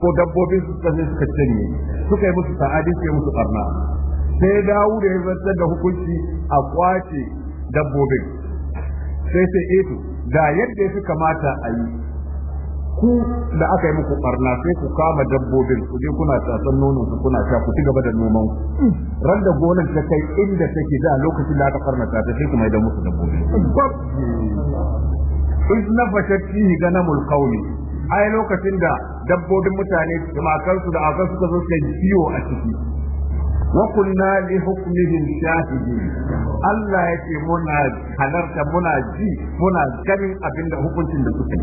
ko dabbobin su suka suka canye suka yi musu sa'adi su yi musu barna sai dawo da ya zartar da hukunci a kwace dabbobin sai sai eto eh da yadda ya fi kamata a yi ku da aka yi muku barna sai ku kama dabbobin ku je kuna tsatsan nonon su, kuna sha ku ci gaba da noman ku ran da gonan ta kai inda take da lokacin da aka farna ta sai kuma da musu dabbobi na fihi ganamul ai lokacin da dabbobin mutane makarsu da akan suka zo suka ciwo a ciki wa kunna li hukmihim shahidin Allah yake muna halarta muna ji muna ganin abinda hukuncin da suka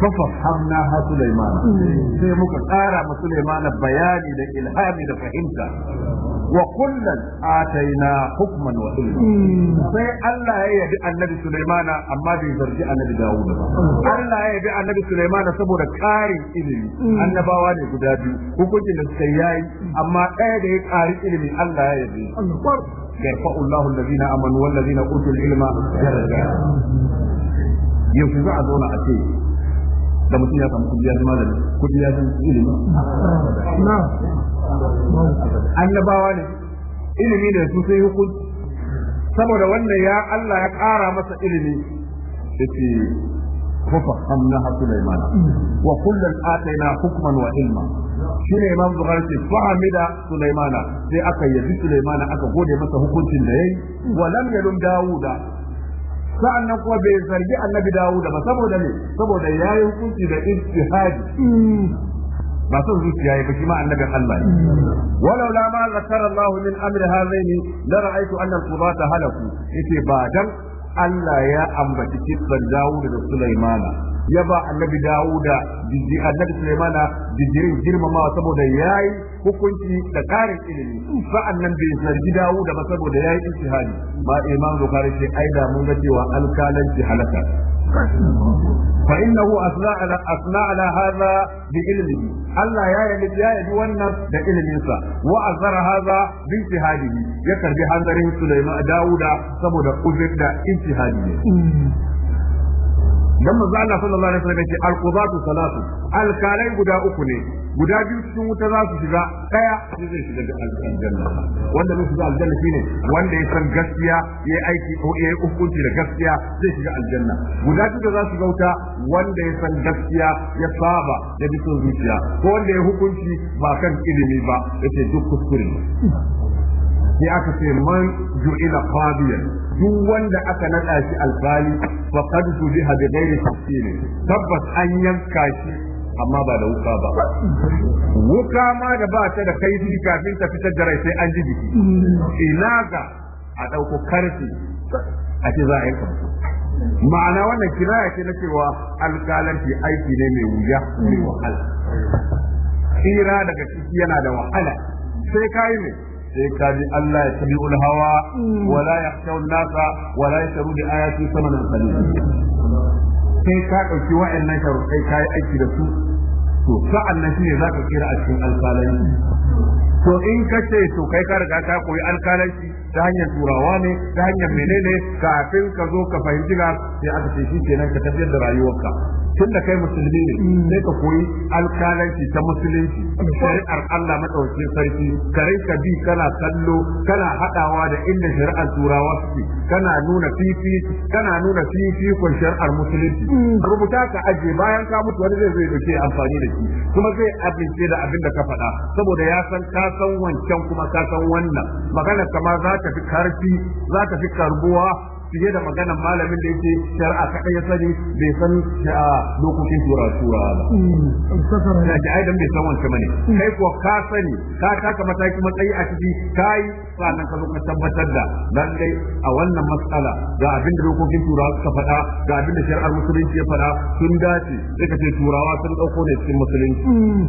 yi hamna ha Sulaiman mm. sai muka tsara ma Sulaiman bayani da ilhami da fahimta wa kullan ataina hukman wa ilma hmm. sai Allah ya yabi annabi Sulaimana amma bai zargi annabi Dawud ba hmm. Allah ya yabi annabi Sulaimana saboda karin ilimi hmm. annabawa ne guda biyu hukuncin da suka yayi amma ɗaya da ya kari ilimi Allah ya yabi يرفع الله الذين امنوا والذين اوتوا العلم درجات yanzu za a zauna a ce da mutum ya samu kudi ya zama da kudi ya zama ilimi annabawa ne ilimi da su sai hukunci saboda wannan ya Allah ya ƙara masa ilimi yace ففهمناها سليمان وكلا hukman wa ilma shine imam bukhari ce fa'amida sulaimana sai aka yabi sulaimana aka gode masa hukuncin da yayi wa lam yalum dauda sa'annan kuma bai zargi annabi dauda ba saboda ne saboda yayi hukunci da ijtihadi ba son zuciya ya baki ma annabin Allah ne walau la ma zakara Allah min amri hazaini la ra'aytu anna al-qudata halaku yace ba dan Allah ya ambaci kisan Dawud da Sulaimana ya ba annabi Dawuda jiji annabi Sulaimana jijirin girmama saboda yayi hukunci da karin ilimi nan bai zargi Dawuda ba saboda yayi istihadi ba imam Bukhari sai aida mun ga cewa alkalanci halaka فإنه أثنى على أثنى على هذا بعلمه الله يا يلد يا يلد ونا بعلمه وأثر هذا باجتهاده يكر بحذر سليمان داود سمد قدرة اجتهاده dan manzo Allah sallallahu alaihi wasallam ya ce al salatu alkalai guda uku ne guda biyu cikin wuta za su shiga daya shi zai shiga da aljanna wanda zai shiga aljanna shine wanda ya san gaskiya ya aiki ko ya hukunci da gaskiya zai shiga aljanna guda biyu da za su wuta wanda ya san gaskiya ya saba da bi zuciya ko wanda ya hukunci ba kan ilimi ba yace duk kuskure sai aka ce man ju'ila qadiyan duk wanda aka nada shi alfali faqad zubiha bi ghairi tafsiri tabbas an yanka shi amma ba da wuka ba wuka ma da ba ta da shi kafin ta fitar da rai sai an ji jiki ina ga a dauko karfi a ce za a yanka ma'ana wannan kiraya ce na cewa alƙalanci aiki ne mai wuya mai wahala tsira daga ciki yana da wahala sai kayi mai sai ka ji Allah ya tabi hawa mm. wala ya kyau nasa wala yashru bi ayati samanan qalil sai ka ɗauki wa'annan sharuɗai kai aiki da su to sa'an nan za ka kira a cikin alƙalanci to in ka ce to kai ka riga ka koyi alƙalanci ta hanyar turawa ne ta hanyar menene kafin ka zo ka fahimci ga sai aka ce shi kenan ka tafiyar da rayuwarka tun da kai musulmi ne sai ka koyi alkalanci ta musulunci shari'ar Allah madaukakin sarki ka rinka bi kana kallo kana hadawa da inda shari'ar turawa suke kana nuna fifi kana nuna fifi shari'ar musulunci rubuta ka aje bayan ka mutu wani zai zai dace amfani da shi kuma zai abince da abin da ka faɗa saboda ya san ka san wancan kuma ka san wannan magana kama za ta fi karfi za ta fi karbuwa fiye da maganan malamin da yake shari'a kaɗai ya sani bai san dokokin tura tura ba na ji aidan bai san wancan bane kai kuwa ka sani ka taka mataki matsayi a ciki kai sannan ka zo ka tabbatar da dan dai a wannan matsala ga abin da dokokin tura suka faɗa ga abin da shari'ar musulunci ya faɗa sun dace sai ka ce turawa sun ɗauko ne cikin musulunci hmm.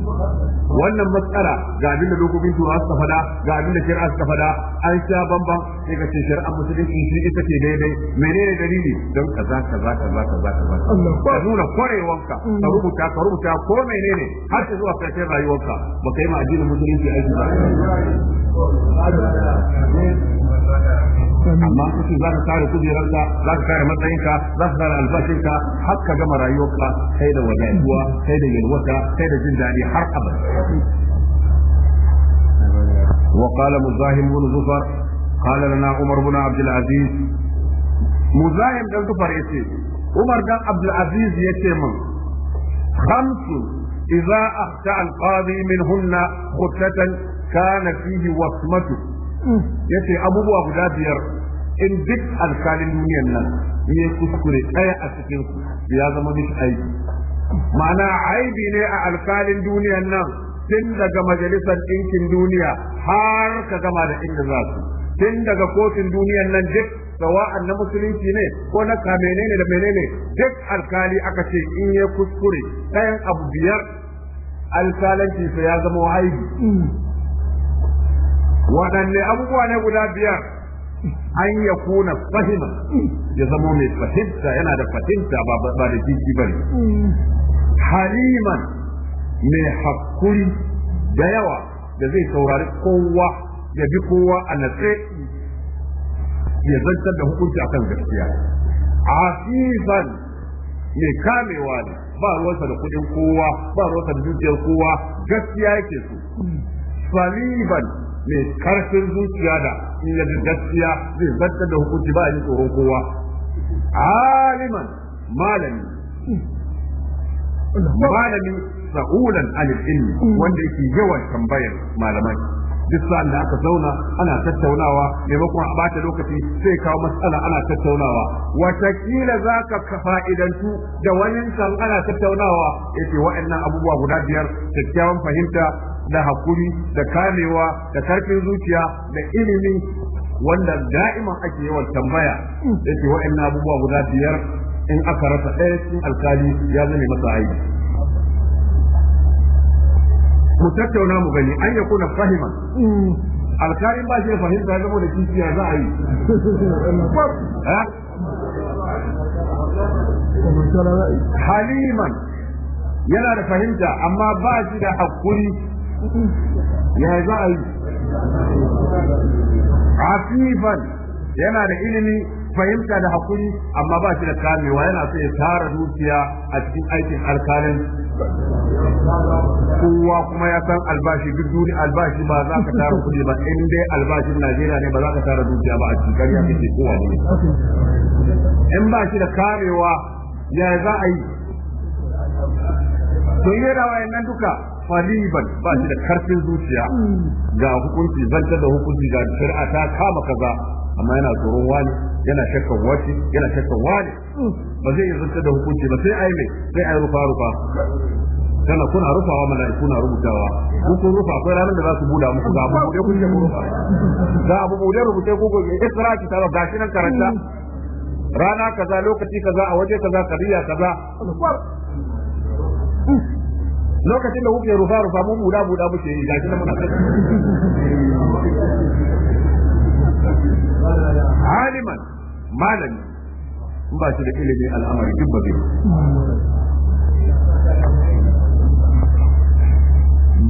wannan matsala ga abin da dokokin tura suka faɗa ga abin da shari'a suka faɗa an sha bambam sai ka ce shari'ar musulunci shi ita ce daidai Eh, menene dalili don kaza kaza kaza kaza kaza ka nuna kwarewanka ka mm. rubuta ka rubuta ko menene har ka zuwa karshen rayuwarka ba ka yi ma addinin musulunci aiki ba amma kace za ka kare kujerarka za ka kare matsayinka za ka kare albashinka har ka gama rayuwarka sai da wadatuwa sai da yalwata sai da jin daɗi har abada وقال مزاحم بن زفر قال لنا عمر بن عبد العزيز muzayim dan kufar ce, Umar dan Abdul ya ce min khamsu idza akhta al qadi minhunna khutatan kana fihi wasmatu yace abubuwa guda biyar in duk alkalin duniyan nan ya kuskure ɗaya a cikin ya zama mishi aiki ma'ana aibi ne a alkalin duniyan nan tun daga majalisar ɗinkin duniya har ka gama da inda za su tun daga kotun duniyan nan duk sawa'an na musulunci ne ko na ka menene da menene duk alkali aka ce in ya kuskure ɗayan abu biyar alkalanci sai ya zama wahayi waɗanne abubuwa ne guda biyar an ya kuna fahima ya zama mai fahimta yana da fahimta ba da jiki bane haliman mai hakuri da yawa da zai saurari kowa ya bi kowa a natse ya zantar da hukunci akan gaskiya afifan ne kamewa ne ba ruwansa da kudin kowa ba ruwansa da dukiyar kowa gaskiya yake so saliban ne karfin zuciya da in gaskiya zai zantar da hukunci ba a yin tsoron kowa aliman malami malami sa'ulan alifin wanda yake yawan tambayar malamai duk sa'an da aka zauna ana tattaunawa maimakon a bata lokaci sai kawo matsala ana tattaunawa watakila za ka fa'idantu da wani san ana tattaunawa yace wa'annan abubuwa guda biyar kyakkyawan fahimta da hakuri da kamewa da karfin zuciya da ilimi wanda da'iman ake yawan tambaya yace wa'annan abubuwa guda biyar in aka rasa ɗaya cikin alkali ya zame masa aiki mu tattauna mu gani an ya kuna fahima mm. alkarin ba shi ya fahimta zama da kishiya za a yi haliman yana da fahimta amma ba shi da hakuri ya za a yi afifan yana da ilimi fahimta da hakuri amma ba shi da kamewa yana so ya tara dukiya a cikin aikin alkalin kowa kuma ya san albashi duk duni albashi ba za ka tara kuɗi ba in dai albashin Najeriya ne ba za ka tara dukiya ba a cikin ƙarya ke kowa ne in ba shi da kamewa ya za a yi to yi yin nan duka faliban ba shi da karfin zuciya ga hukunci zanta da hukunci ga shari'a ta kama kaza amma yana tsoron wani yana shakkan wani, yana shakkan wani ba zai yi zanta da hukunci ba sai ai mai sai ai rufa rufa kana kuna rufawa mana kuna rubutawa ku kun rufa akwai ranar da za su buda muku ga abu bude kuke rufa ga abu bude rubuce ku gobe isra ki tara gashi nan karanta rana kaza lokaci kaza a waje kaza kariya kaza lokacin da kuke rufa rufa mu buda buda muke gashi nan muna aliman malami in ba shi da ilimin al'amari duk ba zai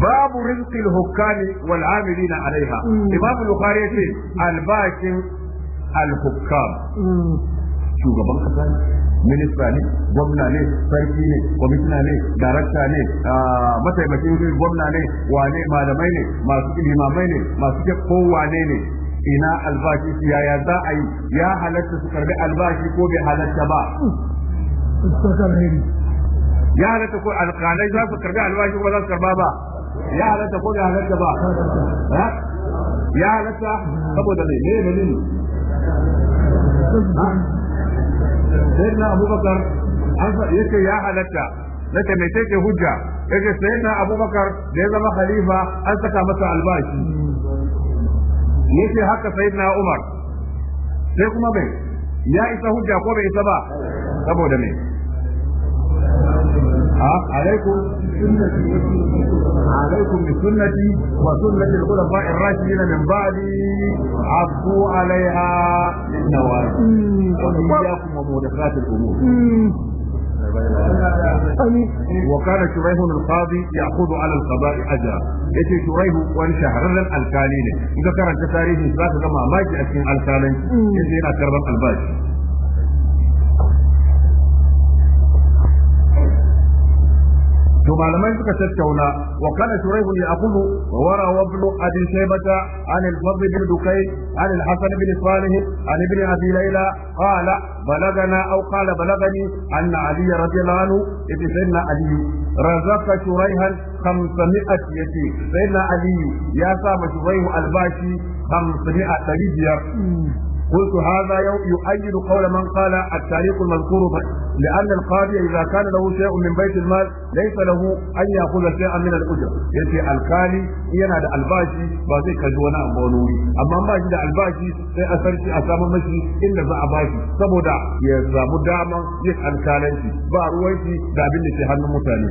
babu rizqil hukkani wal amilina alaiha mm. imam bukhari yace albashin al hukam shugaban kasa minista ne gwamna ne sarki ne kwamishina ne darakta ne ah, mataimakin gwamna ne wane malamai ne masu ilimamai ne masu ne ne ina albashi yaya za a yi ya halatta su karbi albashi ko bai halatta ba ya halatta ko alƙalai za su karbi albashi ko ba za su karba ba ya halatta ko bai halatta ba ya halatta saboda ne ne ne ne sai na abubakar an yake ya halatta na ta mai ke hujja yake sai na abubakar da ya zama khalifa an saka masa albashi yace haka sayyidina Umar sai kuma bai ya isa hujja ko bai isa ba saboda me ha alaikum عليكم بسنتي وسنة الخلفاء الراشدين من بعدي عضوا عليها وإياكم الأمور وكان شريح القاضي يأخذ على القضاء أجرا يتي شريح وان شهرنا الكالين إذا كانت تاريخ ذات كما ما يجي أكين الكالين يتي أكرم الباشي to malamai suka tattauna wa kana shuraih bin yaqub wa rawa ibn abi shaybata an al-fadl bin dukayn an al-hasan bin salih an ibn abi layla qala balagana aw qala balagani anna ali radiyallahu anhu ibn sayyidina ali razaka shuraihan 500 yace sayyidina ali ya sa mashuraihu albashi 500 500 قلت هذا يؤيد قول من قال التاريخ المذكور لأن القاضي إذا كان له شيء من بيت المال ليس له أن يأخذ شيئا من الأجرة يأتي القالي ينادى الباشي بازي كجوانا أبونوري أما ما جد الباشي سيأثرتي أسامة مشي إلا ذا أباشي سبودا يزام داما يسأل كالنشي بارويتي دابين لتهن متاني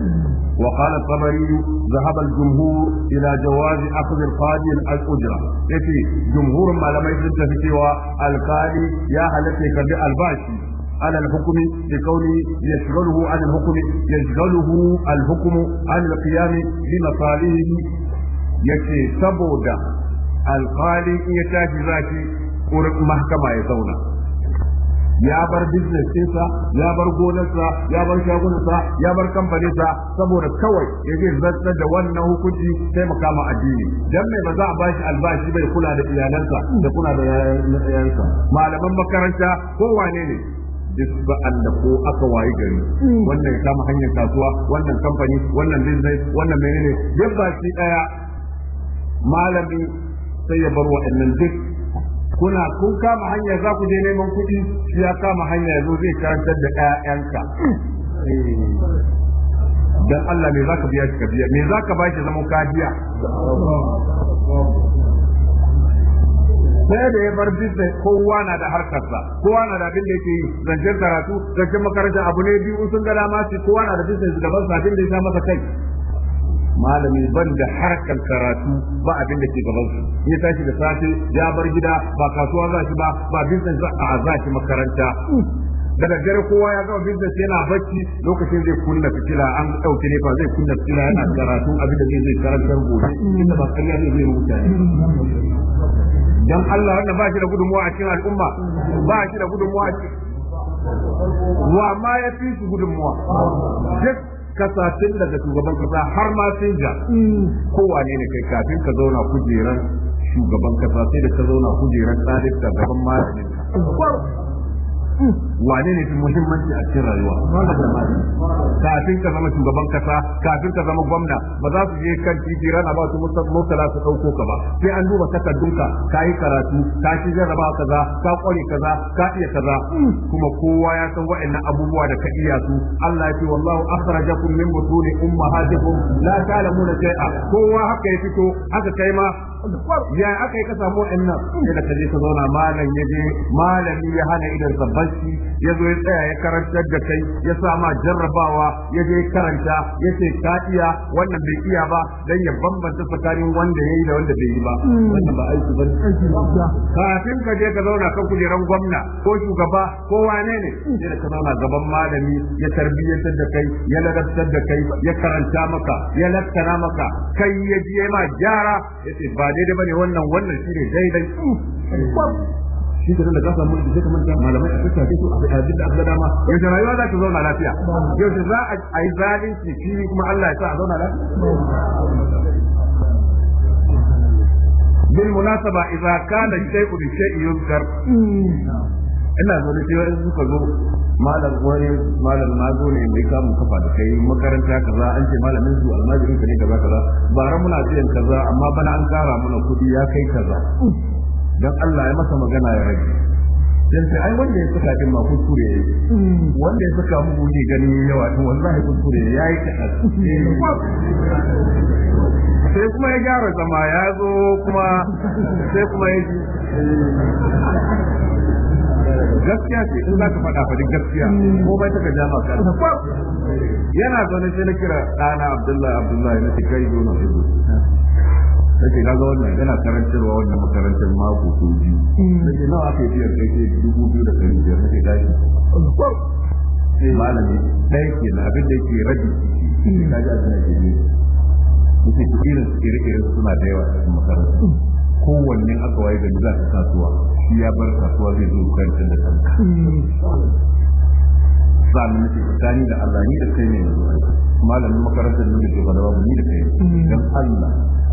وقال الطبري ذهب الجمهور إلى جواز أخذ القاضي الأجرة يأتي جمهور ما لم يجد في القالي يا هلتي كبي الباشي على الحكم لقوله يشغله عن الحكم يشغله الحكم عن القيام بمصالحه yace saboda alƙali in ya tashi zaki wurin ya zauna ya bar business ɗinsa ya bar gonarsa ya bar shagunansa ya bar kamfaninsa saboda kawai ya zai zartar da wannan hukunci sai makama addini dan mai ba za a bashi albashi bai kula da iyalansa da kula da yayansa malaman makaranta ko wane ne duk ba'an da ko aka wayi gari mm. wannan ya kama hanyar kasuwa wannan kamfani wannan business wannan menene duk ba shi daya malami sai ya bar wa'annan duk kuna kun kama hanya za ku je neman kuɗi shi ya kama hanya yazo zai karantar da ƴaƴanka eh. dan Allah me zaka biya shi ka biya me zaka ba shi zama kadiya sai da ya bar bisa kowa na da harkarsa kowa na da abin da yake yi zancen karatu zancen makaranta abu ne biyu sun ga dama su kowa na da su gaban sa abin da ya sa masa kai malami ban da harkar karatu ba abin da ke gaban su ya tashi da safe ya bar gida ba kasuwa za shi ba ba bisa za a za shi makaranta da daddare kowa ya gama business yana bacci lokacin zai kunna fitila an ɗauke ne ba zai kunna fitila yana karatu abin da zai karantar gobe inda ba kariya zai rubuta dan Allah wannan ba shi da gudunmuwa a cikin al'umma ba shi da gudunmuwa a cikin wa ma ya fi su gudunmuwa duk kasashen daga shugaban kasa har ma sai ja kowane ne kai kafin ka zauna kujeran shugaban kasa sai da ka zauna kujeran tsadin gaban malamin wane ne fi muhimmanci a cikin rayuwa kafin ka zama shugaban kasa kafin ka zama gwamna ba za su je kan titi rana ba su mutala su dauko ka ba sai an duba takardunka ka yi karatu ka ci jarraba kaza ka kware kaza ka iya kaza kuma kowa ya san wa'annan abubuwa da ka iya su Allah ya ce wallahu akhrajakum min butuni ummahatikum la ta'lamuna shay'a kowa haka ya fito haka kai ma ya aka yi ka samu wa'in nan sai da kaje ka zauna malam ya je malami ya hana idan sabbaci ya zo ya tsaya ya karantar da kai ya sa ma jarrabawa ya je karanta ya ce ka iya wannan bai iya ba dan ya bambanta tsakanin wanda ya yi da wanda bai yi ba wannan ba aiki ba kafin ka je ka zauna kan kujeran gwamna ko shugaba ko wane ne sai da ka zauna gaban malami ya tarbiyyantar da kai ya ladabtar da kai ya karanta maka ya lakkana maka kai ya je ma gyara ya ce ba daidai bane wannan wannan shine daidai shi ka da ka samu da zai malamai a tattake a abin da aka dama yaushe rayuwa za ta zauna lafiya yaushe za a yi zalunci shi kuma Allah ya sa a zauna lafiya بالمناسبة إذا ina so da cewa suka zo malam wani malam na zo ne mai kamun kafa da kai makaranta kaza an ce malamin su almajirin ka ne kaza kaza bara muna biyan kaza amma bana an kara mana kuɗi ya kai kaza dan Allah ya masa magana ya rage dan sai ai wanda ya saka din ma kuskure yayi wanda ya saka mu gudi ganin yawa to wallahi kuskure yayi ta sai kuma ya gyara zama ya zo kuma sai kuma ya gaskiya ce in za ka faɗa faɗi gaskiya ko bai taka jama ka yana zaune sai na kira ɗana abdullahi abdullahi na tikai kai yau na nake na ga wannan yana karantarwa wannan makarantar mako ko biyu nake nawa aka yi biyar kai sai dubu biyu da ɗari biyar nake gashi malami ɗaya ke na abin da yake rabi na ji abin da ke biyu nake irin ire-iren suna da yawa a cikin makarantar kowanne aka waye da za su kasuwa shi ya bar kasuwa zai zo kan da kanka na nake tsakani da Allah ni da kai ne yanzu malamin makarantar nuna da ke ba da ni da kai dan Allah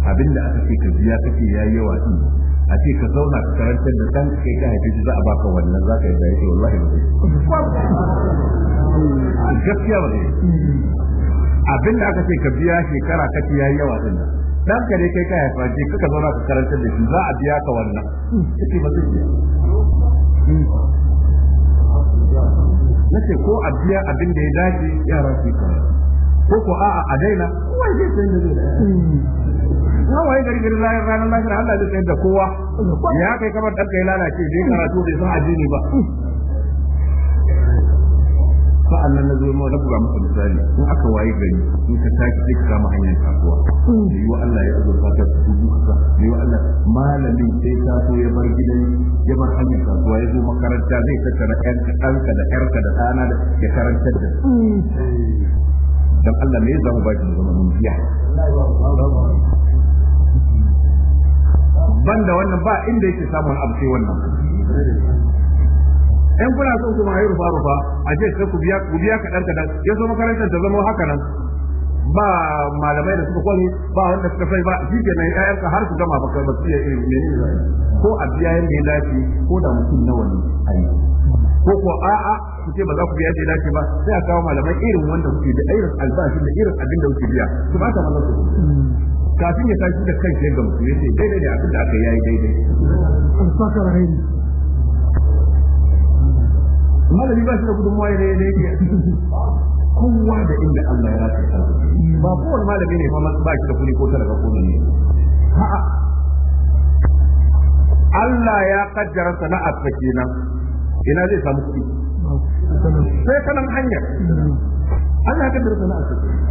abinda aka ce ka biya kake yi yawa din a ce ka zauna ka karantar da kan kai ka haife shi za a baka wannan za ka yi da yake wallahi ba gaskiya ba abinda aka ce ka biya shekara kake yi yawa din dan ka ne kai ka haifa je kaka zauna ka karantar da shi za a biya ka wannan kace ba zai nace ko a biya abin da ya dace yara su ka ko ko a'a a daina wai zai san da zai na wai gari gari ranar ranar lahira Allah zai tsayar da kowa ya kai kamar dan kai lalace dai karatu bai san addini ba nan na zo na buga maka misali in aka waye gari in ka tashi sai ka kama hanyar kasuwa da yiwa Allah ya azurfa ka tafi dubu ka da yiwa Allah malamin sai ta so ya bar gidan ya bar hanyar kasuwa ya zo makaranta zai tattara ɗanka da ƴarka da ɗana da ya karantar da dan Allah ne za ba baki mu zama mun biya banda wannan ba inda yake samun abu sai wannan in kuna son kuma ayi rufa rufa a je sai ku biya ku biya kadan kadan ya so makarantar ta zama haka nan ba malamai da suka kwani ba wanda suka sai ba shi ke nan ƴaƴan ka har su gama baka ba su iya irin ne ko a biya yanda ya dace ko da mutum nawa ne yi ko ko a'a su ce ba za ku biya da dace ba sai a kawo malamai irin wanda kuke da irin albashin da irin abin da kuke biya su ba ta maza su kafin ya tashi da kai sai gamsu ce daidai da abin da aka yayi daidai malami ba shi da gudunmuwa ne ne yake kowa da inda Allah ya rasa ta ba kowane malami ne fa ba shi da kuɗi ko talaka ko ne Allah ya kaddara sana'a ta kenan ina zai samu kuɗi sai kanan hanyar Allah ya kaddara sana'a ta kenan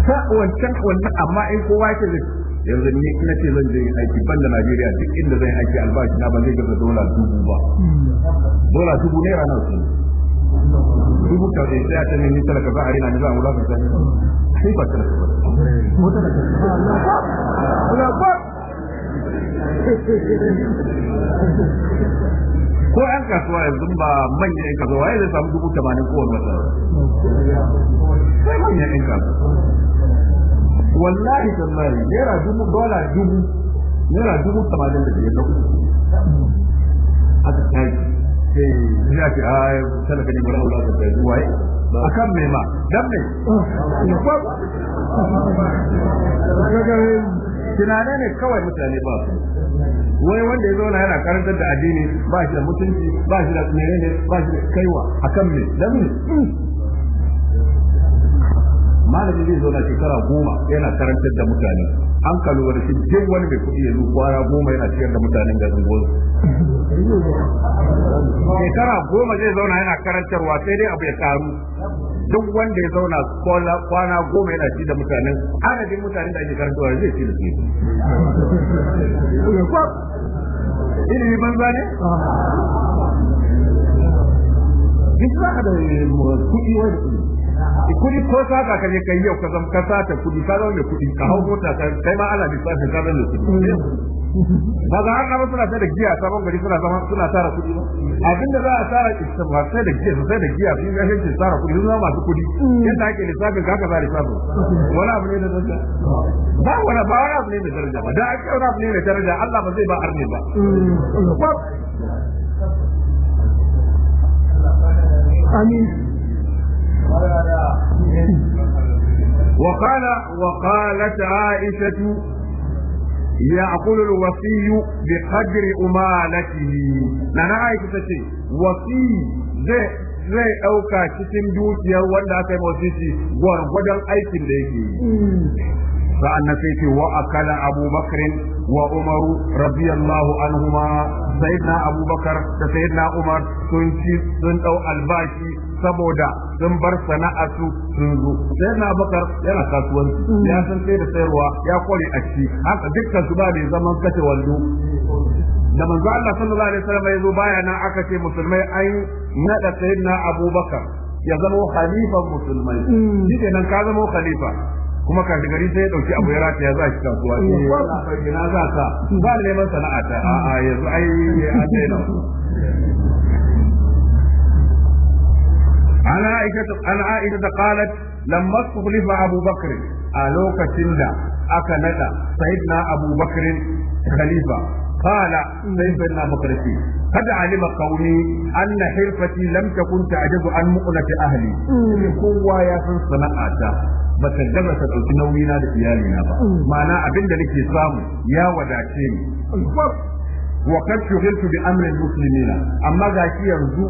sa wancan wannan amma in kowa yake zai yanzu ni ina ce zan je aiki banda Najeriya duk inda zan aiki albashi na ba zai gaza dola dubu ba dola dubu naira nawa ce dubu ta dai eh, sai a ta nemi talaka za a rina ni za a wulafa ta sai ba talaka ba ko an kasuwa yanzu ba manyan yan kasuwa ya zai samu dubu tamanin kowane wata sai manyan yan kasuwa wallahi tallahi naira dubu dola dubu naira dubu tamanin da biyar dubu uku aka tashi eh, sai ina ce a talaka ne mara Allah da bai zuwa akan me ma dan me tunane ne kawai mutane ba su wai wanda ya zauna yana karantar da addini ba shi da mutunci ba shi da menene ba shi da kaiwa akan me dan ne.' malami zai zauna shekara goma yana karantar da mutane an kalubar shi duk wani mai kuɗi ya zo kwana goma yana ciyar da mutanen garin gozo shekara goma zai zauna yana karantarwa sai dai abu ya karu duk wanda ya zauna kwana goma yana ci da mutanen adadin mutanen da ake karantarwa zai ci da su ilimi banza ne duk za ka da eh, kuɗi wani kudi ko saka ka je kai yau ka zama ka sata kudi ka zama mai kudi ka hau mota ka kai ma ana lissafi ka zama mai kudi ba za a kama suna da giya sabon gari suna zama suna tara kudi ba abinda za a tara istimar sai da giya sai da giya sun ga shi tara kudi sun zama masu kudi yadda ake lissafin ka ka za lissafin wani abu ne da daraja ba wani ba wani abu ne da daraja ba da ake wani abu ne da daraja Allah ba zai ba arne ba amin وقال وقالت عائشة يأكل الوصي بقدر أمالته نانا عائشة تشي وصي زي zai ɗauka cikin dukiyar wanda aka yi mawasisi gwargwadon aikin da yake yi sa'an na sai ce wa akala abubakar wa umaru radiyallahu anhuma sayyidina abubakar da sayyidina umar sun ci sun dau albashi saboda sun bar su sun zo sai na bakar yana kasuwanci mm. ya san sai da sayarwa ya kware a ci haka dukkan su ba ne zaman kace wando da manzo Allah sallallahu alaihi wasallam ya zo baya na aka ce musulmai ai nada sayyidina Abubakar ya zama Khalifa musulmai mm. shi nan ka zama khalifa kuma ka gari sai ya dauki abu ya rata ya za shi kasuwa gina mm. za ka ba neman sana'a ta a'a yanzu ai ya daina an aisha an aisha qalat lamma istukhlifa abu a lokacin da aka nada sayyidina abu bakr khalifa qala sayyidina abu bakr قد علم قومي أن حرفتي لم تكن تعجز عن مؤنة أهلي kowa ya san ta? ba ta gaba ta ɗauki nauyina da iyalina ba ma'ana abin da nake samu ya wadace ni Wakar kad shughaltu bi amrin muslimina amma gashi yanzu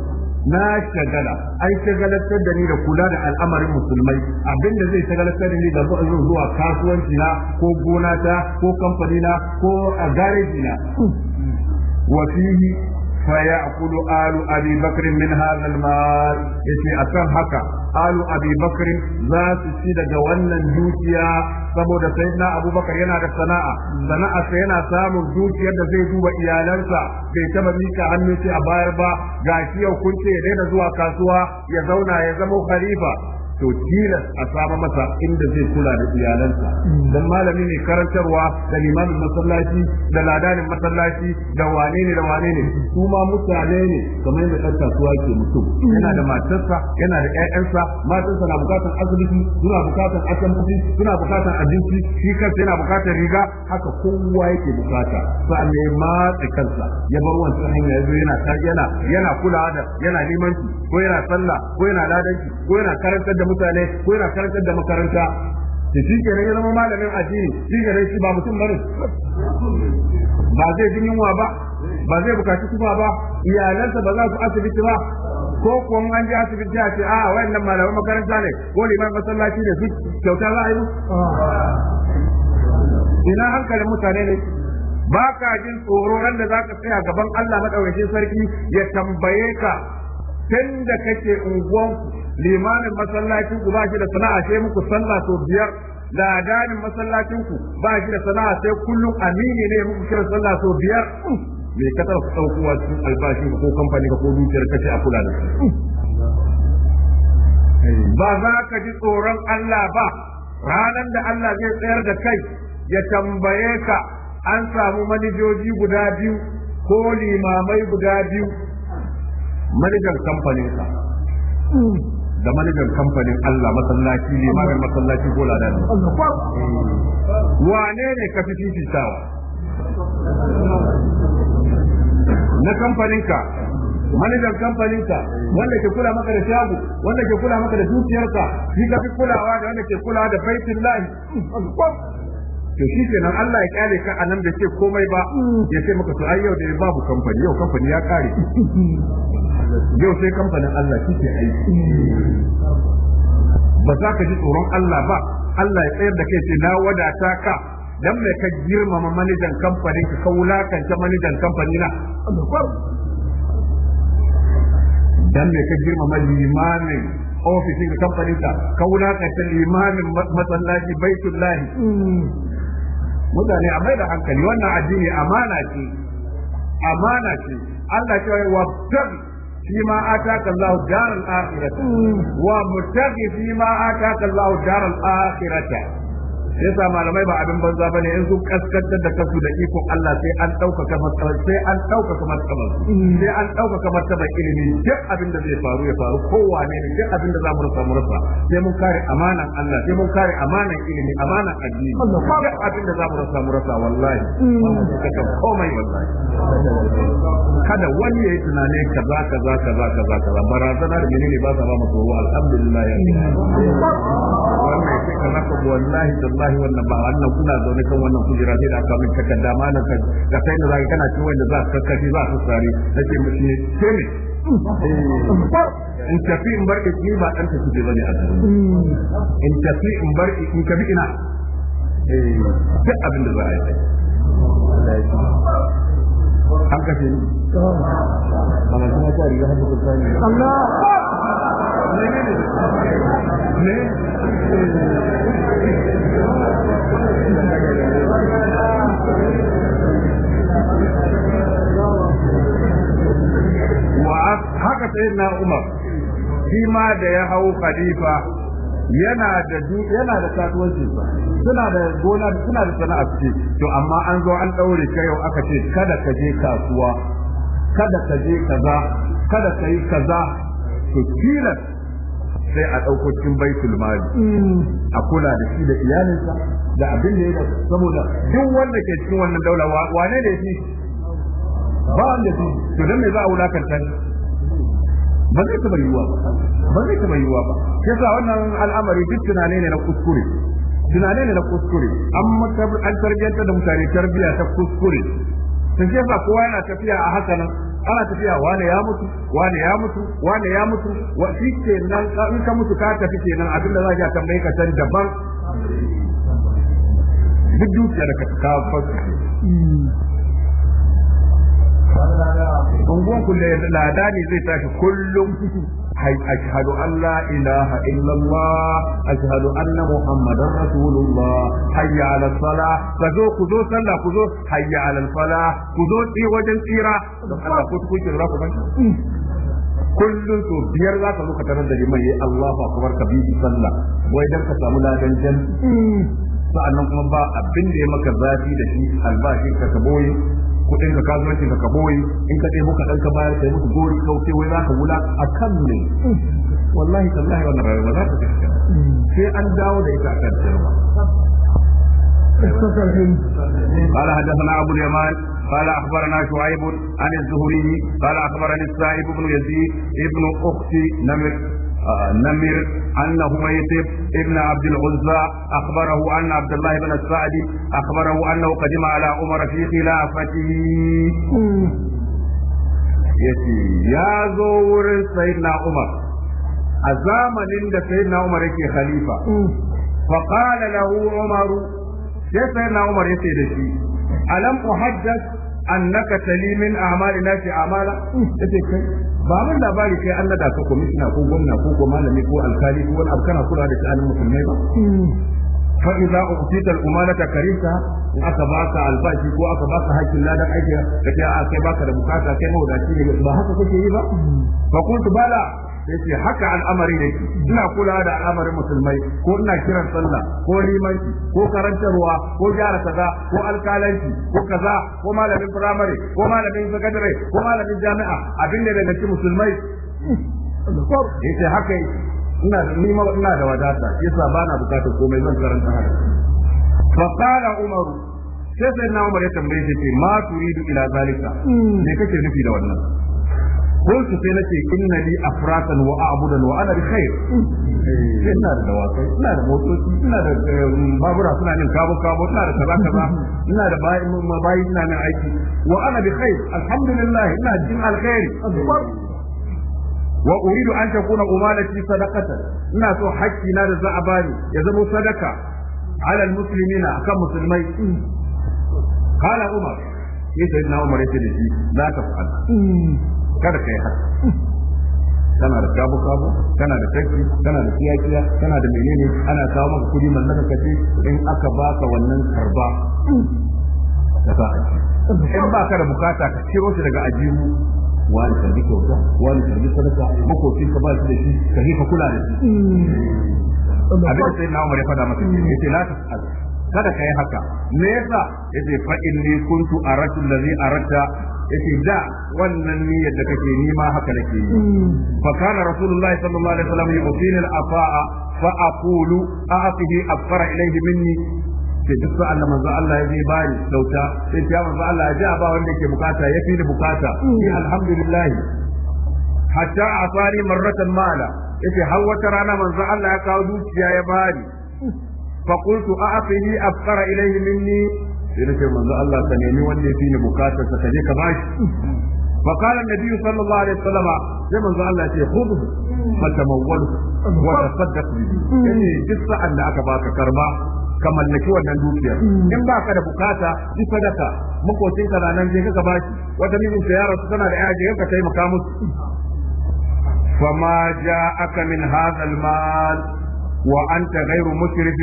na shagala ai shagalatar da ni da kula da al'amarin musulmai abinda zai shagalatar da ni da zuwa kasuwanci na ko gona ta ko kamfani na ko a gareji na hmm. wa fihi فيأكل آل أبي بكر من a kan haka alu حكا آل za su ci daga wannan جوتيا saboda sayyidina abubakar yana da sana'a sana'arsa yana samun dukiyar da zai duba iyalansa bai taba mika hannu sai a bayar ba gashi yau kun ce ya daina zuwa kasuwa ya zauna ya zama khalifa to tilas a samu masa inda zai kula da iyalansa dan malami ne karantarwa da limamin masallaci da ladanin masallaci da wane ne da wane ne su mutane ne kamar yadda ɗan kasuwa ke mutum yana da matarsa yana da ƴaƴansa matarsa na bukatar asibiti suna bukatar asibiti suna bukatar abinci shi kansa yana bukatar riga haka kowa yake bukata sa'an ya matsa kansa ya bar wancan hanya ya yana yana yana kulawa da yana limanci ko yana sallah ko yana ladanci ko yana karantar da mutane ko yana karantar da makaranta da shi kenan ya zama malamin addini shi kenan shi ba mutum bane ba zai jin yunwa ba ba zai bukaci kuma ba iyalansa ba za su asibiti ba ko kuwa an je asibiti a ce a wayannan malaman makaranta ne ko liman masallaci ne su kyauta za a yi ina hankalin mutane ne ba ka jin tsoro da za ka tsaya gaban Allah madaukakin sarki ya tambaye ka can da kake unguwanku limamin masallacin ku ba shi da sana'a sai muku sallah sau biyar ladanin masallacin ku ba shi da sana'a sai kullum amini ne muku kira sallah sau biyar hmm, me ka tsara ku ɗaukowa cikin albashi ko kamfani ka ko dukiyar kace a kula da hmm. eh, ba za ka ji tsoron Allah ba ranar da Allah zai tsayar da kai ya tambaye ka an samu manijoji guda biyu ko limamai guda biyu manajan kamfaninka da manajan kamfanin Allah masallaci ne magan masallaci ko da ne wane ne ka fi fifitawa na kamfaninka manajan ka wanda ke kula maka da shago wanda ke kula maka da ka shi ka fi kulawa da wanda ke kula da baitin lahi to shi kenan Allah ya kare ka a nan da ce komai ba ya ce maka to ai yau da babu kamfani yau kamfani ya kare yau sai kamfanin Allah kike aiki ba za ka ji tsoron Allah ba Allah ya tsayar da kai ce na wadata ka dan mai ka girmama manajan kamfanin ka wulakanta manajan kamfani na dan mai ka girmama limamin ofishin ka kamfanin ka ka wulakanta limamin masallaci baitullahi mm. mutane a mai da hankali wannan addini amana ce amana ce Allah ya yi wa tabi فيما آتاك الله الدار الآخرة وابتغ فيما آتاك الله الدار الآخرة yasa malamai ba abin banza bane in su kaskantar da kansu da ikon Allah sai an ɗaukaka matsalar sai an ɗaukaka matsalar mm. sai an ɗaukaka matsalar ilimi duk abin da zai faru ya faru kowane ne duk abin da za mu rasa mu rasa sai mun kare amanan Allah sai mun kare amanan ilimi amanan addini duk abin da za mu rasa mu rasa wallahi mm. kaga komai wallahi kada wani yayi tunanin kaza kaza kaza kaza kaza barazana da menene ba sa ba mu tsoro alhamdulillah mm. ya wannan sai kana wallahi tallahi wallahi wannan ba wannan kuna zaune kan wannan kujera sai da aka min takarda malam ka da kai da zaka kana cikin wanda za ka kakkashi za ka sare nake mushi ne sai eh, ne in tafi in bar ki ba dan ta kuje bane a gari hmm. in tafi in bar in ka bi ina eh duk abin da za a yi an kashe ni amma kuma ta riga hannu ta ne Allah ne ne eh. ne haka sai na umar shi ma da ya hau khalifa yana da yana da suna da gona suna da sana'a ce to amma an zo an daure ka yau aka ce kada ka je kasuwa kada ka je kaza kada ka yi kaza to tilas sai a ɗauko cikin baitul mali mm. a kula da shi da iyalinsa da abin da ya saboda duk wanda ke cikin wannan daula wane ne shi ba wanda shi to dan me za a wulakanta shi ba zai taba yiwuwa ba ba zai taba yiwuwa ba sa wannan al'amari duk tunane ne na kuskure tunane ne na kuskure an an tarbiyyantar da mutane tarbiyya ta kuskure sun sa kowa yana tafiya a haka ana tafiya wane ya mutu wane ya mutu wane ya mutu wa shi kenan in ka mutu ka tafi kenan abin da za ka tambaye ka san daban duk dukiya da ka ka fasu unguwan kullum lada ne zai tashi kullum أشهد أن لا إله إلا الله أشهد أن محمدا رسول الله حي على الصلاة فزو كذو صلى كذو حي على الفلاح كذو إي وجن إيرا kullum to biyar za ka zo ka tarar da liman yayi Allahu akbar ka sallah wai dan ka samu ladan jan sa'annan kuma ba abin da ya maka zafi da shi albashin ka ka boye kudin ka kasuwanci ka boye in ka ɗebo ka ka bayar kai musu gori kauce wai za ka wula a kan ne wallahi tallahi wannan rayuwa za ta. sai an dawo da ita a kan jirma قال حدثنا ابو اليمان قال اخبرنا شعيب عن الزهري قال اخبرني السائب بن يزيد ابن اخت نمر نمر أنه ميتب ابن عبد العزى أخبره أن عبد الله بن السعد أخبره أنه قدم على عمر في خلافته yace ya zo wurin sayyidina Umar a zamanin da sayyidina Umar yake khalifa fa qala lahu Umar sai sayyidina Umar yace da shi alam uhaddath annaka talimin a'malina fi a'mala ba mun labari kai an da ka komishina ko gwamna ko ko malami ko alkali ko wani abu kana kula da sha'anin musulmai ba fa idza utita al-umanata karisa in aka baka albashi ko aka baka hakkin ladan aiki da kai a baka da bukata kai mawadaci ne ba haka kake yi ba fa kuntu bala ce haka al'amari ne ina kula da al'amarin musulmai ko ina kiran sallah ko limanci ko karantarwa ko gyara kaza ko alkalanci ko kaza ko malamin firamare ko malamin sakandare ko malamin jami'a abin da daga musulmai ce haka ina da nima ina da wadata yasa bana bukatar komai zan karanta haka fa qala umaru sai sai na umar ya tambaye shi ma turidu ila zalika hmm. me kake nufi da wannan قلت في نفسي إن لي أفرادا واعبدا وانا بخير إنا دا لا إنا دا موتوتي إنا دا بابرا سنا نين كابو كابو إنا كذا كذا إنا دا باي مباي إنا نين عيتي وأنا بخير الحمد لله إنا الجمع الخير أكبر وأريد أن تكون أمالتي صدقه ان سو حقي حكي نار يا يزمو صدقه على المسلمين كم مسلمي قال عمر يسعدنا عمر يسعد ذاك تفعل kada ka yi haka kana da kabu kabu kana da taxi kana da kiyakiya kana da menene ana kawo maka kudi mallaka kace in aka baka wannan karba ka sa aji in ba ka da bukata ka ciro shi daga ajihu wani karbi kyauta wani karbi sadaka makoci ka ba shi da shi ka ka kula da shi hmm. abin da sai na umar ya fada masa yace kada yi haka me yasa yace fa inni kuntu aratu allazi arata yace da wannan niyyar da kake ni ma haka nake yi hmm. fa kana rasulullahi sallallahu alaihi wasallam yu'tini al-afa'a fa aqulu a'tihi afara ilayhi minni sai duk sa'an da manzo Allah ya zai bani kyauta sai ya manzo Allah ya ji ba wanda yake bukata ya fi ni bukata ni hmm. alhamdulillah hatta asani marratan mala yace har wata rana manzo Allah ya kawo dukiya ya bani فقلت أعطه أفقر إليه مني سيرك kaje ka bashi. واللي فيني بكاتا سكجيك باش فقال النبي Sai الله Allah ya ce من الله يقول خذه فتموله وتصدق به يعني قصة أن أكباك كربا ka mallaki wannan dukiyar in ba ka da bukata yi sadaka makocin ka ranar je ka bashi wata ni ka yara su tana da yaji ka taimaka musu fama ja aka min hadal mal وأنت غير مسرف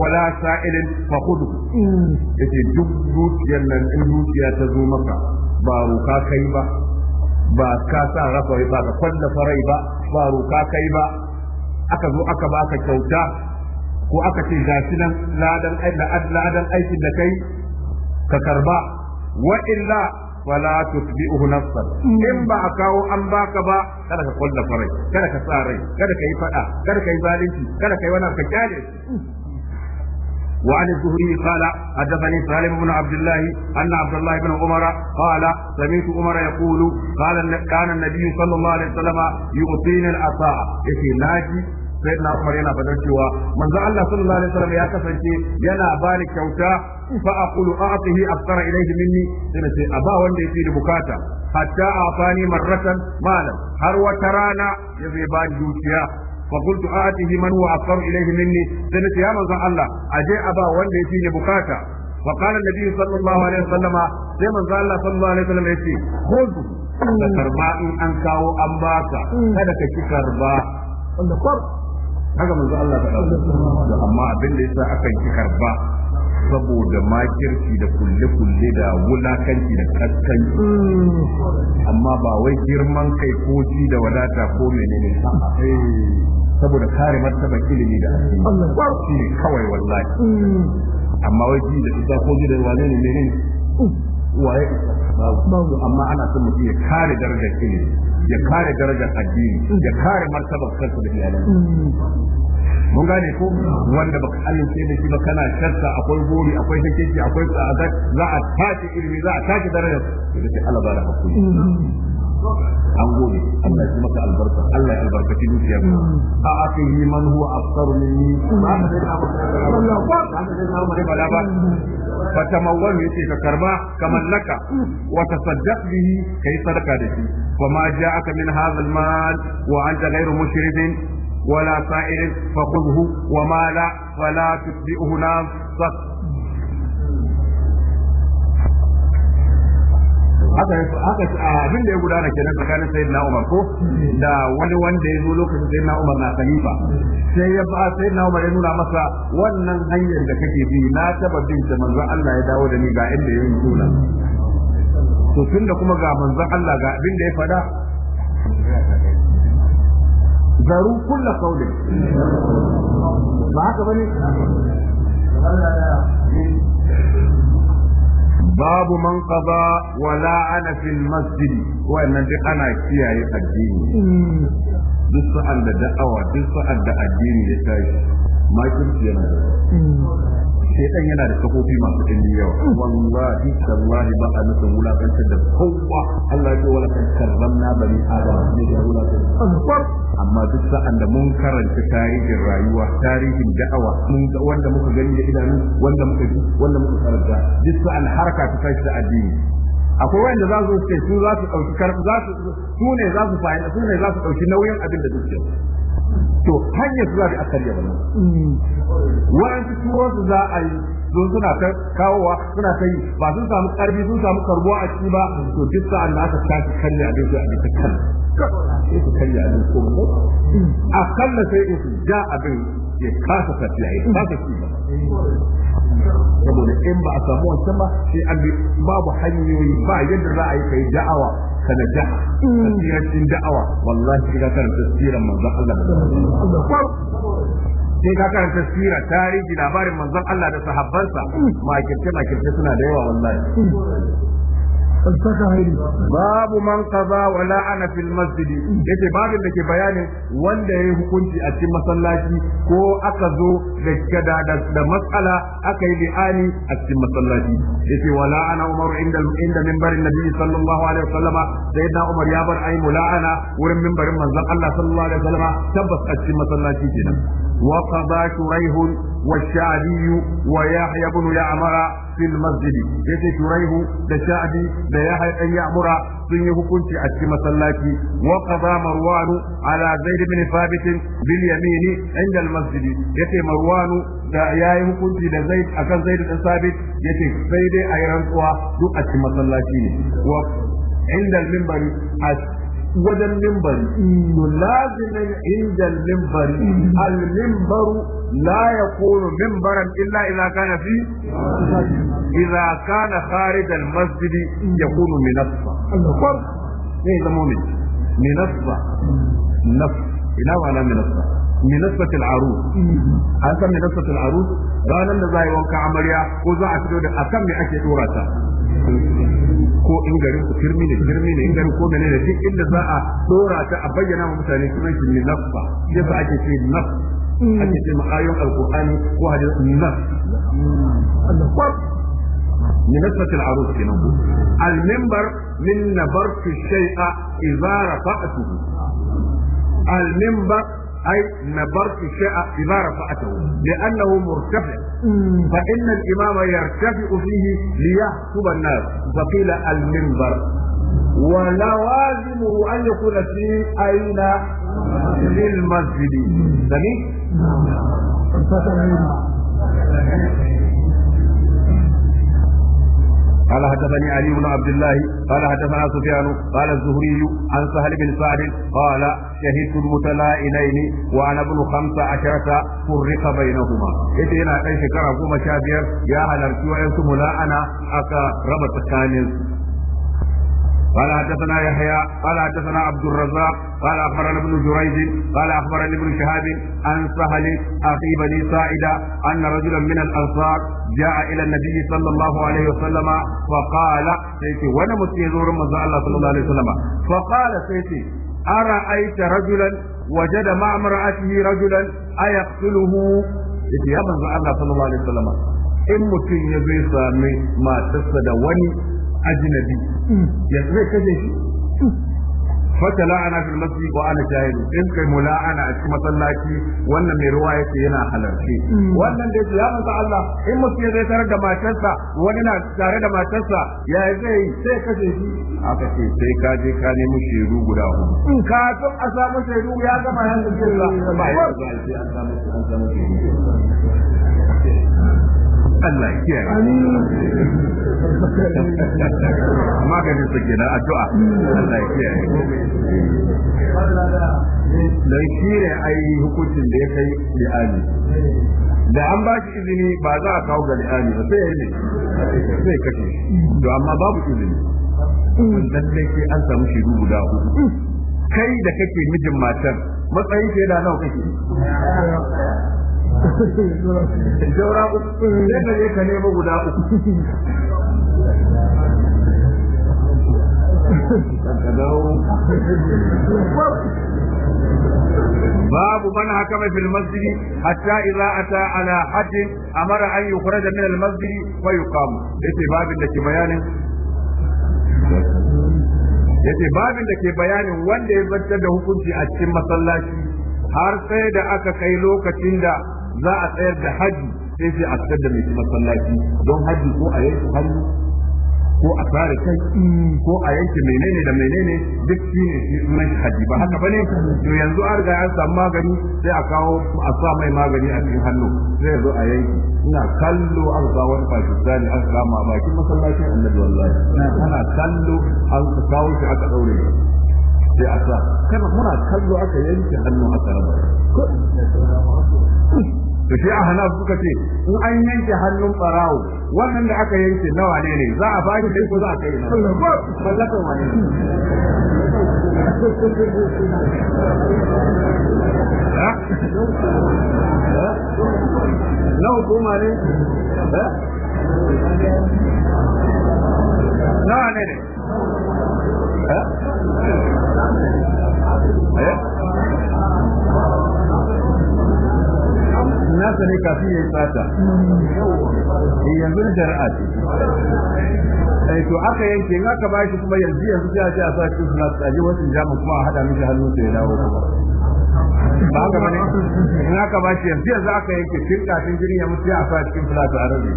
ولا سائل فخذه يتي دك دوكيا لن دوكيا تزومك باروكا كيبا ba ka sa rafa ba ka kwallafa rai ba ba roka kai ba aka zo aka baka kyauta ko aka ce gashi nan ladan aikin da kai ka karba wa illa فلا تتبعه نفسا ان باك او ان باك با kada ka kulla farai kada ka sa rai kada ka yi fada kada ka yi وعن الزهري قال حدثني سالم بن عبد الله ان عبد الله بن عمر قال سمعت عمر يقول قال كان النبي صلى الله عليه وسلم يعطيني العطاء إيه، في ناجي sayyidina Umar yana fadar cewa manzo Allah sallallahu alaihi wasallam ya kasance yana bani kyauta fa aqulu a'tihi afqara ilayhi minni sai ce a ba wanda yake da bukata hatta afani marratan malam har wata rana ya zai bani dukiya فقلت آته من هو أفقر إليه مني سنتي يا من الله أجي أبا وندي فيني بكاتا فقال النبي صلى الله عليه وسلم sai manzo Allah sallallahu alaihi wasallam yace khudhu da karba in an kawo an baka mm. kada ka ki karba haka zo Allah ta dauka amma abin da yasa akan ki karba saboda makirci da kulle-kulle da wulakanci da kaskanci amma ba wai girman kai ko ci da wadata ko menene eh, saboda kare martaba ilimi da shi ne kawai wallahi amma wai ji da ita ko ji da wane ne menene waye amma ana son mutum ya kare darajar ilimi ya kare darajar addini ya kare martabar kansa da iyalan mun gane ko wanda baka amince da shi ba kana sharta akwai buri akwai hakiki akwai tsadar, za a tace ilimi za a tace darajar da ke Allah bara hakuri an gode Allah ya maka albarka Allah ya albarkaci dukiyar a akihi man huwa afsaru minni ba da abu Allah ba da ba ya yace ka karba ka mallaka wata tasaddaq bihi kai sadaka da shi wa ma ja'aka min hadha al-mal wa anta ghayru mushrifin ولا سائل فخذه وما لا فلا تتبئه ناصك haka a abin da ya gudana kenan tsakanin na Umar ko da wani wanda ya zo lokacin na Umar na khalifa sai ya ba na Umar ya nuna masa wannan hanyar da kake bi na taba bin ta manzo Allah ya dawo da ni ga inda ya yi nuna to tunda kuma ga manzo Allah ga abin da ya fada zaru kullu qawlin ba haka bane babu man qada wala ana fil masjid wannan duk ana kiyaye addini duk sa'an da da'awa duk sa'an da addini ya tashi makirci yana da shedan yana da kafofi masu dindin yawa wallahi tallahi ba a nufin wulakantar da kowa Allah ya ce wala kan karramna bani adam ne da wulakantar amma duk sa'an da mun karanta tarihin rayuwa tarihin da'awa mun ga wanda muka gani da idanu wanda muka ji wanda muka karanta duk sa'an harka ta tashi da addini akwai wanda za su ce su za su ɗauki karfi za su su ne za su fa'ida su ne za su dauki nauyin abin da duk to hanyar su za a karya ba wa'ansu turon su za a yi don suna ta kawowa suna ta yi ba sun samu karfi sun samu karbuwa a ciki ba to duk sa'an da aka tashi karya abin sai a bi ta kan sai su karya abin ko A kalla sai in su ja abin ya kasa tafiya ya kasa ci ba saboda in ba a samu wancan ba sai an bi babu hanyoyi ba yadda za a yi kai da'awa ka naja ka cikin da'awa wallahi sai ka karanta sirar manzon Allah sai ka karanta sirar tarihi labarin manzon Allah da sahabbansa mm. ma kirce suna da yawa wallahi mm. babu man kaza wa la'ana fil masjid yace babin da ke bayanin wanda yayi hukunci a cikin masallaci ko aka zo da da matsala aka yi li'ani a cikin masallaci yace wa la'ana umar inda inda minbarin nabi sallallahu alaihi wasallama sayyidina umar ya bar ayi mula'ana wurin minbarin manzon Allah sallallahu alaihi wasallama tabbas a cikin masallaci kenan wa qada shuraihun والشعبي ويحيى بن يعمر في المسجد يتي شريح da شعبي ده يحيى بن يعمر sun yi hukunci a cikin masallaci wa qada marwan ala zaid bin thabit bil yamin inda al masjid yace marwan da yayi hukunci da zaid akan zaid bin thabit yace sai dai ayi rantsuwa duk a cikin masallaci ne wa inda al minbari wajen mimbari yulazimin inda mimbari al mimbaru la ya yakunu mimbaran illa idza kana fi idza kana kharij al masjid yakunu minasfa zai zama min minasfa nafs ina ba na minasfa minasfatul arus an san minasfatul arus ranar da za a yi wanka amarya ko za a fito da akan me ake dora ta ko in garin su firmi ne firmi ne in garin ko mene ne duk inda za a dora ta a bayyana wa mutane sunan shi ne ake ce mm. ake ce ma'ayon ko hadisi أي نبرت الشيء إذا رفعته لأنه مرتفع فإن الإمام يرتفع فيه ليخطب الناس فقيل المنبر ولوازمه أن يكون في أين في المسجد سميت؟ قال حدثني علي بن عبد الله قال حدثنا سفيان قال الزهري عن سهل بن سعد قال شهدت المتلائمين وانا ابن خمس عشرة فرق بينهما yace yana ɗan shekara goma sha biyar ya halarci wa'yansu mula'ana aka raba tsakaninsu قال حدثنا يحيى قال حدثنا عبد الرزاق قال اخبرنا ابن جريج قال اخبرني ابن شهاب عن سهل اخي بني ساعده ان رجلا من الانصار جاء الى النبي صلى الله عليه وسلم فقال سيتي وانا متيزور من الله صلى الله عليه وسلم فقال سيتي ارايت رجلا وجد مع امراته رجلا ايقتله يا من الله صلى الله عليه وسلم in mutum ya zai sami matarsa da wani ajnabi yanzu zai kaje shi fatala'ana fil masjid wa ana shahidu in kai mula'ana a cikin masallaci wannan mai ruwa yace yana halarci wannan da ya manzo Allah in mutum zai tare da matarsa wani na tare da matarsa ya zai sai kace shi aka ce sai ka je ka nemi guda hudu in ka san a samu shedu ya gama yanzu killa ba ya zai an samu an Allah ya kiyaye maganin su kenan addu'a Allah ya kiyaye dan shi ne ai hukuncin da ya kai li'ani da an ba shi izini ba za a kawo ga li'ani ba sai ya ne sai kashe to amma babu izini dan dai sai an samu shiru guda hudu kai da kake mijin matar matsayin ke da nawa kake jaura uku sai ka ka nemo guda uku باب من حكم في المسجد حتى إذا أتى على حد أمر أن يخرج من المسجد ويقام إيه باب بيان yace babin da ke bayanin wanda ya zartar da hukunci a cikin masallaci har sai da aka kai lokacin da za a tsayar da haji sai sai a tsayar da mai masallaci don haji ko a yanke hannu ko a tsare kai ko a yanke menene da menene duk shi ne shi sunan haji ba haka bane to yanzu an riga an samu magani sai a kawo a sa mai magani a cikin hannu sai ya zo a yanki ina kallo an ga wani pakistani an kama a bakin masallacin annabi wallahi ana kallo an kawo shi aka daure sai a sa kana muna kallo aka yanke hannu a tsara da shi ahnaf suka ce in an yanke hannun barawo wannan da aka yanke nawa ne ne za a bani sai ko za a kai na mallakar wani na hukuma ne nawa ne ne nasa ne kafin ya yi in eh, yanzu da shari'a ce ai eh, to aka yanke in aka ba shi kuma yanzu yanzu sai a ce a sa shi suna tsaje wasu jama kuma a haɗa mishi hannu sai ya dawo ba haka bane in aka ba shi yanzu yanzu aka yanke tun kafin jini ya mutu ya a sa cikin fulata a rabe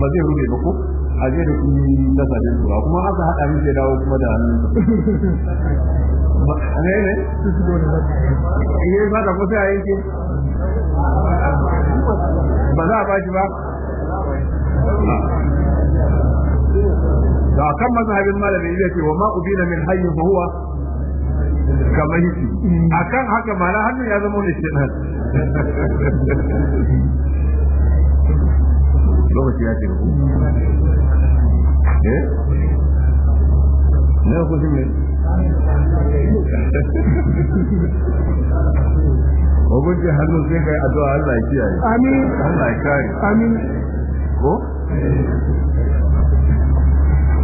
ba zai rube ba ko a je da kuma da sajen tura kuma aka haɗa mishi ya dawo kuma da hannun ne ne ba da kusa a ba za ba shi ba da kan mazhabin malami zai ce wa ma ubina min hayy fa huwa kamar yake akan haka mana hannun ya zama wani shedan lokaci ya ce ne ne ko shi ne ogunje hannu sai kai addu'a Allah kiyaye amin Allah ya kare amin ko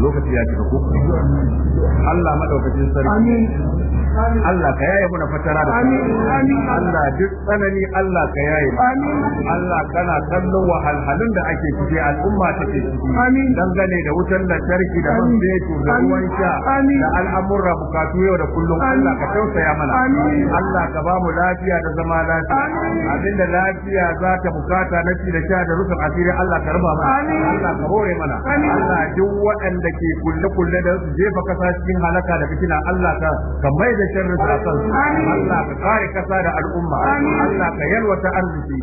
lokaci ya cika ko Allah madaukakin sarki amin Allah ka yaye muna fatara da Allah duk tsanani Allah ka yaye Allah kana kallon wahalhalun da ake ciki al'umma take ciki dangane da wutar lantarki da man fetur da ruwan sha da al'amurra bukatu yau da kullum Allah ka tausaya mana Allah ka ba mu lafiya da zama lafiya abinda lafiya za ta bukata na ci da sha da rufin asiri Allah ka raba mana Allah ka hore mana Allah duk waɗanda ke kulle-kulle da su jefa kasa cikin halaka da fitina Allah ka mai da sharrin sa kan Allah ka kare kasa da al'umma Allah ka yalwata arziki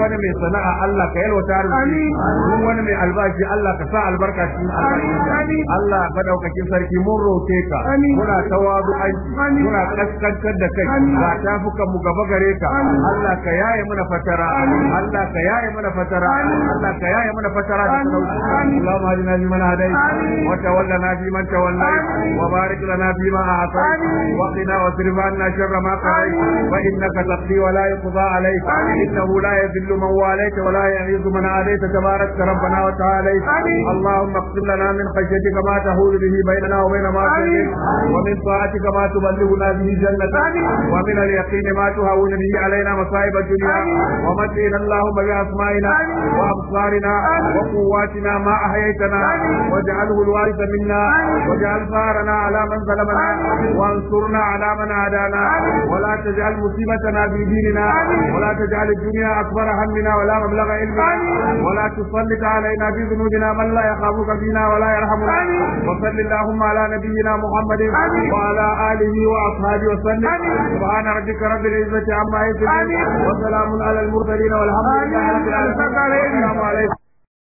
wani mai sana'a Allah ka yalwata arziki duk wani mai albashi Allah ka sa albarka cikin Allah ka daukakin sarki mun roke ka muna tawadu aiki muna kaskantar da kai ba ta fuka mu gaba gare ka Allah ka yaye mana fatara Allah ka yaye mana fatara Allah ka yaye mana fatara da talauci Allahumma hadina fi man wa tawallana wa barik lana وقنا واصرف عنا شر ما قضيت فانك تقضي ولا يقضى عليك انه لا يذل من واليت ولا يعز من عاديت تبارك ربنا وتعالى اللهم اقسم لنا من خشيتك ما تهول به بيننا وبين ما ومن طاعتك ما تبلغنا به جنتك ومن اليقين ما تهون به علينا مصائب الدنيا ومتعنا اللهم باسمائنا وابصارنا وقواتنا ما احييتنا واجعله الوارث منا واجعل ثارنا على من ظلمنا وانصرنا على من هدانا ولا تجعل مصيبتنا في ديننا ولا تجعل الدنيا أكبر همنا ولا مبلغ علمنا ولا تسلط علينا في ذنوبنا من لا يخافك فينا ولا يرحمنا وصل اللهم على نبينا محمد وعلى آله وأصحابه وسلم سبحان ربك رب العزة عما يصفون وسلام على المرسلين والحمد لله رب العالمين